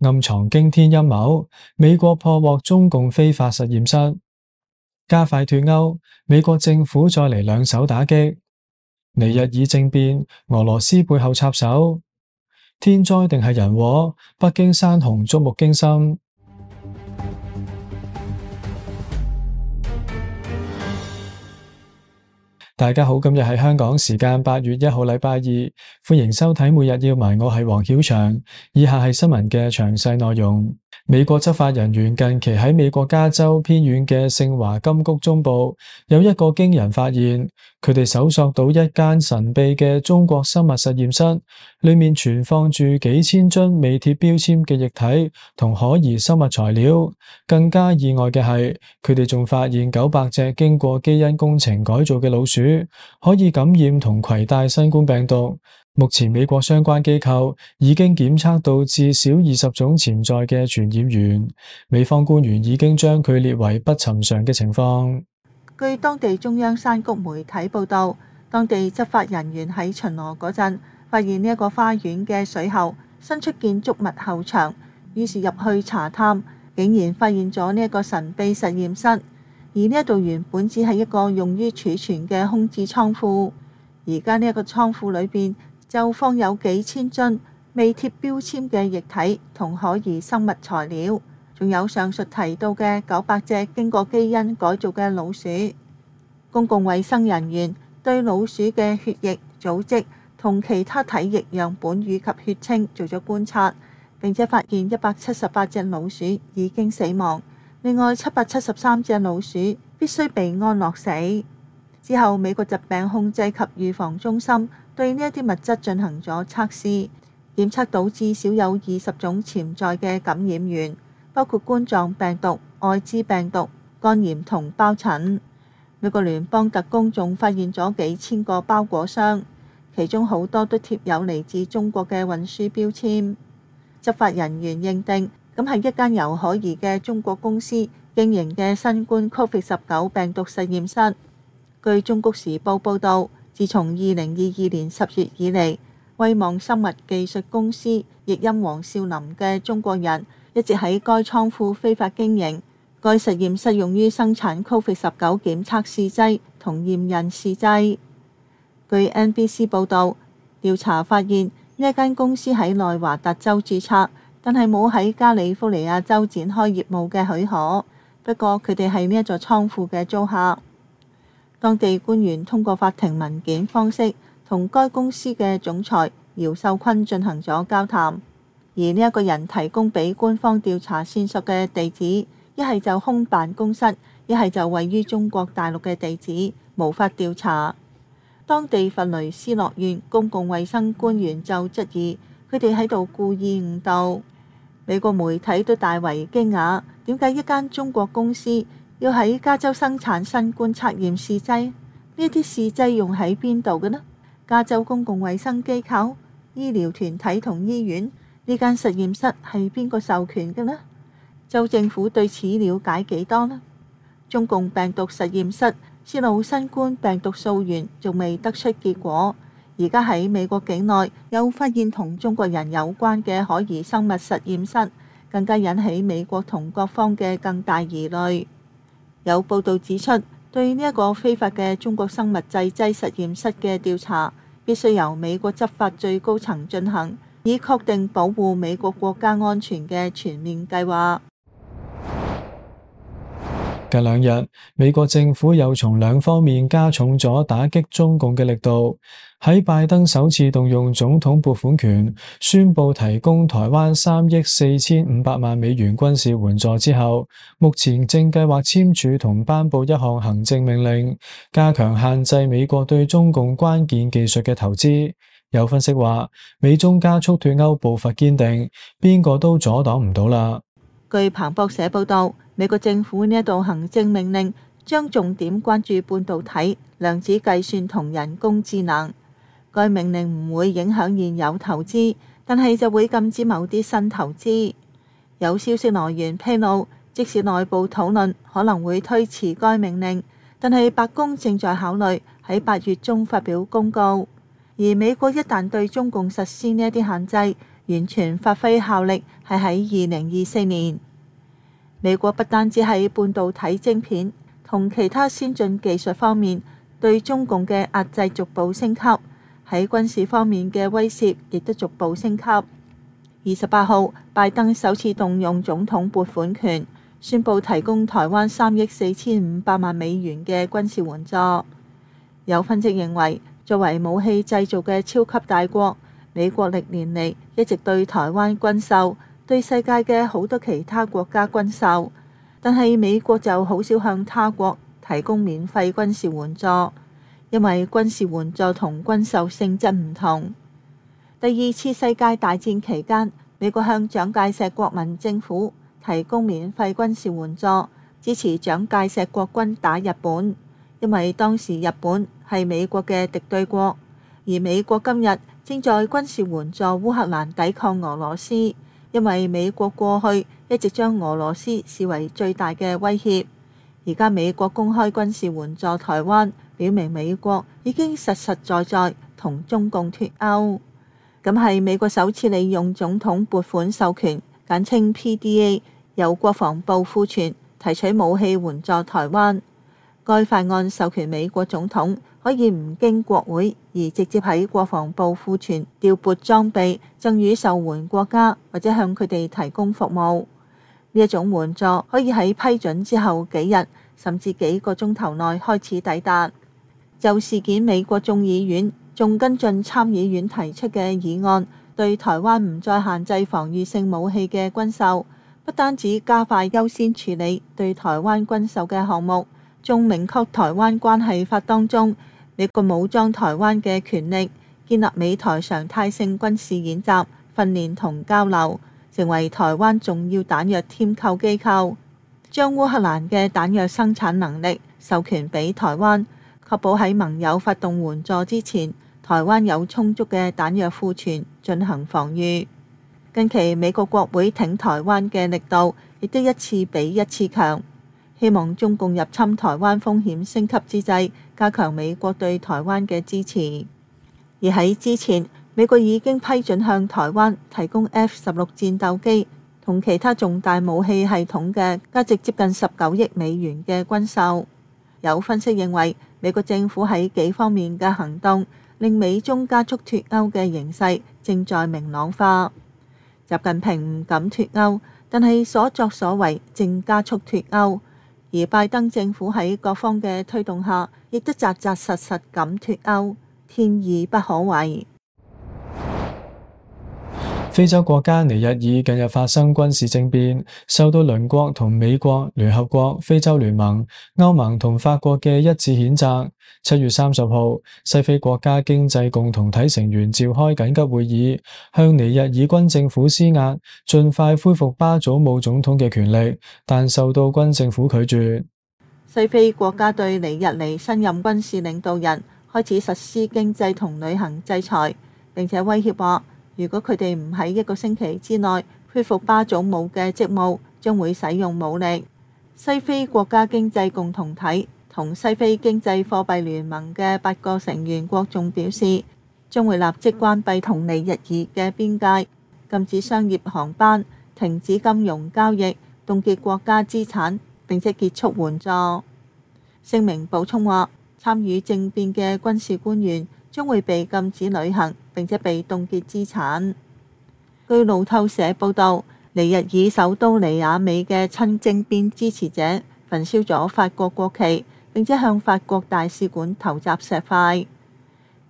暗藏驚天陰謀，美國破獲中共非法實驗室，加快脫鉤，美國政府再嚟兩手打擊，尼日爾政變，俄羅斯背後插手，天災定係人禍？北京山洪觸目驚心。大家好，今日係香港時間八月一號，禮拜二，歡迎收睇每日要聞我係黃曉翔。以下係新聞嘅詳細內容：美國執法人員近期喺美國加州偏遠嘅聖華金谷中部，有一個驚人發現。佢哋搜索到一間神秘嘅中國生物實驗室，裏面存放住幾千樽未貼標籤嘅液體同可疑生物材料。更加意外嘅係，佢哋仲發現九百隻經過基因工程改造嘅老鼠可以感染同攜帶新冠病毒。目前美國相關機構已經檢測到至少二十種潛在嘅傳染源，美方官員已經將佢列為不尋常嘅情況。據當地中央山谷媒體報道，當地執法人員喺巡邏嗰陣，發現呢一個花園嘅水喉伸出建築物後牆，於是入去查探，竟然發現咗呢一個神秘實驗室。而呢一度原本只係一個用於儲存嘅空置倉庫，而家呢一個倉庫裏邊，就放有幾千樽未貼標籤嘅液體同可疑生物材料。仲有上述提到嘅九百隻經過基因改造嘅老鼠，公共衛生人員對老鼠嘅血液、組織同其他體液樣本以及血清做咗觀察，並且發現一百七十八隻老鼠已經死亡。另外七百七十三隻老鼠必須被安樂死。之後，美國疾病控制及預防中心對呢一啲物質進行咗測試，檢測到至少有二十種潛在嘅感染源。包括冠狀病毒、艾滋病毒、肝炎同疱疹。美國聯邦特工仲發現咗幾千個包裹箱，其中好多都貼有嚟自中國嘅運輸標籤。執法人員認定咁係一間由可疑嘅中國公司經營嘅新冠 （Covid 十九）病毒實驗室。據《中國時報》報導，自從二零二二年十月以嚟，威望生物技術公司亦因黃少林嘅中國人。一直喺該倉庫非法經營，該實驗室用於生產 Covid 十九檢測試劑同驗孕試劑。據 NBC 報道，調查發現呢一間公司喺內華達州註冊，但係冇喺加利福尼亞州展開業務嘅許可。不過，佢哋係呢一座倉庫嘅租客。當地官員通過法庭文件方式，同該公司嘅總裁姚秀坤進行咗交談。而呢一個人提供俾官方調查線索嘅地址，一係就空辦公室，一係就位於中國大陸嘅地址，無法調查。當地佛雷斯諾縣公共衛生官員就質疑佢哋喺度故意誤導。美國媒體都大為驚訝，點解一間中國公司要喺加州生產新冠測驗試劑？呢啲試劑用喺邊度嘅呢？加州公共衛生機構、醫療團體同醫院。呢間實驗室係邊個授權嘅呢？州政府對此了解幾多呢？中共病毒實驗室泄露新冠病毒溯源仲未得出結果。而家喺美國境內又發現同中國人有關嘅可疑生物實驗室，更加引起美國同各方嘅更大疑慮。有報道指出，對呢一個非法嘅中國生物製劑實驗室嘅調查，必須由美國執法最高層進行。以確定保護美國國家安全嘅全面計劃。近兩日，美國政府又從兩方面加重咗打擊中共嘅力度。喺拜登首次動用總統撥款權，宣布提供台灣三億四千五百萬美元軍事援助之後，目前正計劃簽署同頒布一項行政命令，加強限制美國對中共關鍵技術嘅投資。有分析話，美中加速脫鉤步伐堅定，邊個都阻擋唔到啦。據彭博社報道，美國政府呢一道行政命令將重點關注半導體、量子計算同人工智能。該命令唔會影響現有投資，但係就會禁止某啲新投資。有消息來源披露，即使內部討論可能會推遲該命令，但係白宮正在考慮喺八月中發表公告。而美國一旦對中共實施呢一啲限制，完全發揮效力係喺二零二四年。美國不單止喺半導體晶片同其他先進技術方面對中共嘅壓制逐步升級，喺軍事方面嘅威懾亦都逐步升級。二十八號，拜登首次動用總統撥款權，宣布提供台灣三億四千五百萬美元嘅軍事援助。有分析認為，作為武器製造嘅超級大國，美國歷年嚟，一直對台灣軍售，對世界嘅好多其他國家軍售，但係美國就好少向他國提供免費軍事援助，因為軍事援助同軍售性質唔同。第二次世界大戰期間，美國向蔣介石國民政府提供免費軍事援助，支持蔣介石國軍打日本。因為當時日本係美國嘅敵對國，而美國今日正在軍事援助烏克蘭抵抗俄羅斯。因為美國過去一直將俄羅斯視為最大嘅威脅，而家美國公開軍事援助台灣，表明美國已經實實在在同中共脫鉤，咁係美國首次利用總統撥款授權簡稱 PDA，由國防部庫存提取武器援助台灣。該法案授權美國總統可以唔經國會而直接喺國防部庫存調撥裝備贈與受援國家，或者向佢哋提供服務。呢一種援助可以喺批准之後幾日甚至幾個鐘頭內開始抵達。就事件，美國眾議院仲跟進參議院提出嘅議案，對台灣唔再限制防禦性武器嘅軍售，不單止加快優先處理對台灣軍售嘅項目。中明確台灣關係法當中，美國武裝台灣嘅權力，建立美台常態性軍事演習、訓練同交流，成為台灣重要彈藥添購機構。將烏克蘭嘅彈藥生產能力授權俾台灣，確保喺盟友發動援助之前，台灣有充足嘅彈藥庫存進行防禦。近期美國國會挺台灣嘅力度，亦都一次比一次強。希望中共入侵台灣風險升級之際，加強美國對台灣嘅支持。而喺之前，美國已經批准向台灣提供 F 十六戰鬥機同其他重大武器系統嘅價值接近十九億美元嘅軍售。有分析認為，美國政府喺幾方面嘅行動，令美中加速脫鉤嘅形勢正在明朗化。習近平唔敢脫鉤，但係所作所為正加速脫鉤。而拜登政府喺各方嘅推動下，亦都扎扎實實咁脫鈎，天意不可違。非洲國家尼日爾近日發生軍事政變，受到鄰國同美國、聯合國、非洲聯盟、歐盟同法國嘅一致譴責。七月三十號，西非國家經濟共同體成員召開緊急會議，向尼日爾軍政府施壓，盡快恢復巴祖姆總統嘅權力，但受到軍政府拒絕。西非國家對尼日爾新任軍事領導人開始實施經濟同旅行制裁，並且威脅如果佢哋唔喺一個星期之內恢復巴祖姆嘅職務，將會使用武力。西非國家經濟共同體同西非經濟貨幣聯盟嘅八個成員國仲表示，將會立即關閉同尼日爾嘅邊界，禁止商業航班，停止金融交易，凍結國家資產，並且結束援助。聲明補充話，參與政變嘅軍事官員將會被禁止旅行。並且被凍結資產。據路透社報導，尼日爾首都尼亞美嘅親政變支持者焚燒咗法國國旗，並且向法國大使館投擲石塊。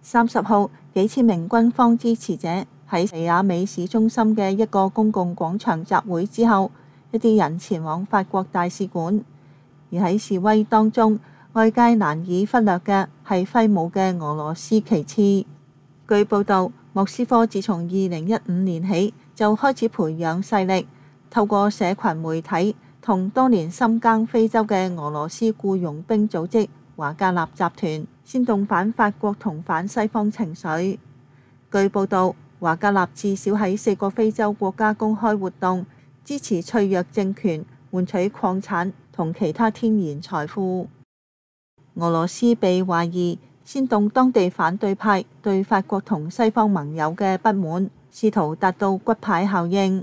三十號，幾千名軍方支持者喺尼亞美市中心嘅一個公共廣場集會之後，一啲人前往法國大使館。而喺示威當中，外界難以忽略嘅係揮舞嘅俄羅斯旗幟。據報道，莫斯科自從二零一五年起就開始培養勢力，透過社群媒體同多年深耕非洲嘅俄羅斯僱傭兵組織華格納集團煽動反法國同反西方情緒。據報道，華格納至少喺四個非洲國家公開活動，支持脆弱政權，換取礦產同其他天然財富。俄羅斯被懷疑煽動當地反對派對法國同西方盟友嘅不滿，試圖達到骨牌效應。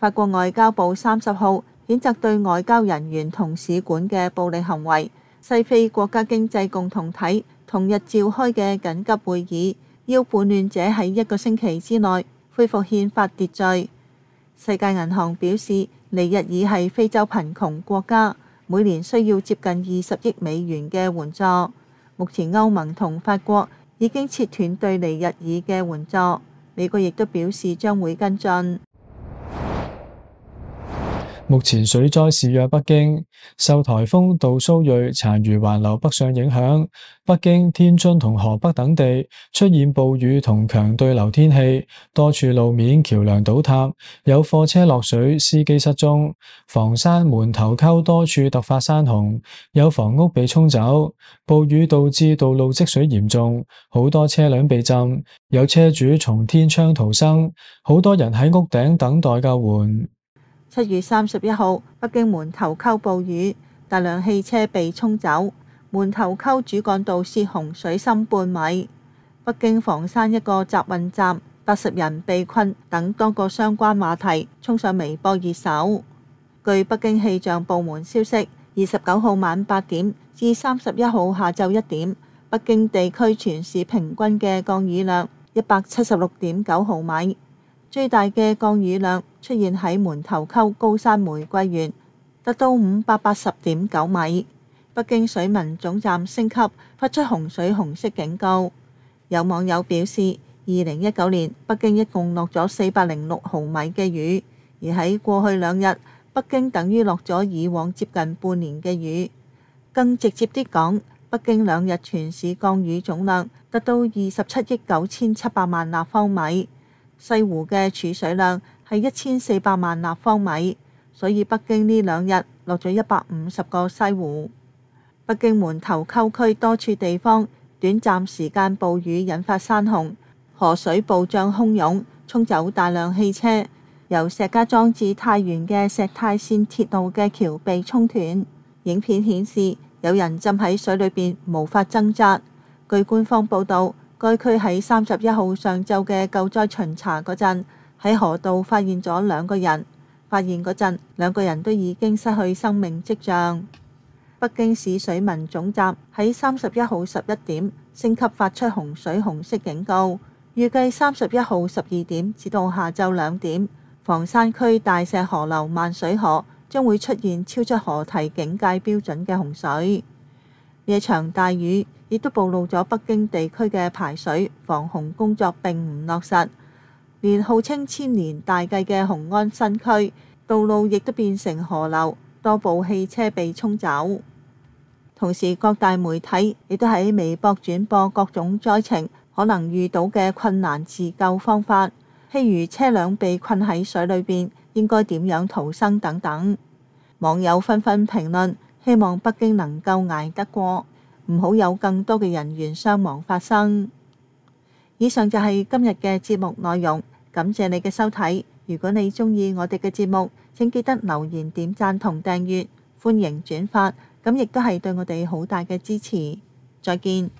法國外交部三十號譴責對外交人員同使館嘅暴力行為，西非國家經濟共同體同日召開嘅緊急會議，要叛亂者喺一個星期之內恢復憲法秩序。世界銀行表示，尼日爾係非洲貧窮國家，每年需要接近二十億美元嘅援助。目前歐盟同法國已經切斷對尼日爾嘅援助，美國亦都表示將會跟進。目前水災肆虐北京，受台風杜蘇芮殘餘環流北上影響，北京、天津同河北等地出現暴雨同強對流天氣，多處路面橋梁倒塌，有貨車落水，司機失蹤。房山門頭溝多處突發山洪，有房屋被沖走。暴雨導致道路積水嚴重，好多車輛被浸，有車主從天窗逃生，好多人喺屋頂等待救援。七月三十一號，北京門頭溝暴雨，大量汽車被沖走，門頭溝主幹道洩洪水深半米，北京房山一個集運站八十人被困等多個相關話題，衝上微博熱搜。據北京氣象部門消息，二十九號晚八點至三十一號下晝一點，北京地區全市平均嘅降雨量一百七十六點九毫米。最大嘅降雨量出現喺門頭溝高山玫瑰園，達到五百八十點九米。北京水文總站升級發出洪水紅色警告。有網友表示，二零一九年北京一共落咗四百零六毫米嘅雨，而喺過去兩日，北京等於落咗以往接近半年嘅雨。更直接啲講，北京兩日全市降雨總量達到二十七億九千七百萬立方米。西湖嘅儲水量係一千四百萬立方米，所以北京呢兩日落咗一百五十個西湖。北京門頭溝區多處地方短暫時間暴雨引發山洪，河水暴漲，洶湧沖走大量汽車。由石家莊至太原嘅石太綫鐵路嘅橋被沖斷。影片顯示有人浸喺水裏邊無法掙扎。據官方報道。該區喺三十一號上晝嘅救災巡查嗰陣，喺河道發現咗兩個人。發現嗰陣，兩個人都已經失去生命跡象。北京市水文總站喺三十一號十一點升級發出洪水紅色警告，預計三十一號十二點至到下晝兩點，房山區大石河流漫水河將會出現超出河堤警戒標準嘅洪水。夜場大雨。亦都暴露咗北京地區嘅排水防洪工作並唔落實，連號稱千年大計嘅紅安雄安新區道路亦都變成河流，多部汽車被沖走。同時各大媒體亦都喺微博轉播各種災情可能遇到嘅困難自救方法，譬如車輛被困喺水裏邊應該點樣逃生等等。網友紛紛評論，希望北京能夠捱得過。唔好有更多嘅人員傷亡發生。以上就係今日嘅節目內容，感謝你嘅收睇。如果你鍾意我哋嘅節目，請記得留言、點讚同訂閱，歡迎轉發，咁亦都係對我哋好大嘅支持。再見。